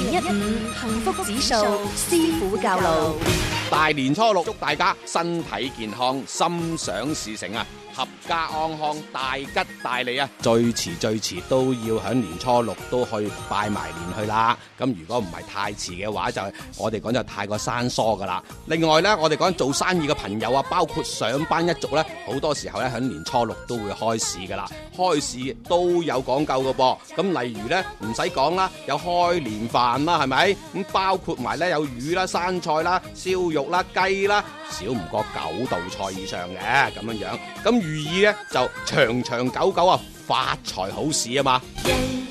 零一五幸福指數，師傅教路。大年初六，祝大家身體健康、心想事成啊！合家安康、大吉大利啊！最遲最遲都要響年初六都去拜埋年去啦。咁如果唔係太遲嘅話就係我哋講就太過生疏噶啦。另外咧，我哋講做生意嘅朋友啊，包括上班一族咧，好多時候咧響年初六都會開市噶啦。開市都有講究嘅噃。咁例如咧，唔使講啦，有開年飯啦，係咪？咁包括埋咧有魚啦、生菜啦、燒肉。肉啦、雞啦，少唔過九道菜以上嘅咁樣樣，咁寓意呢就長長久久啊，發財好事啊嘛。Yeah.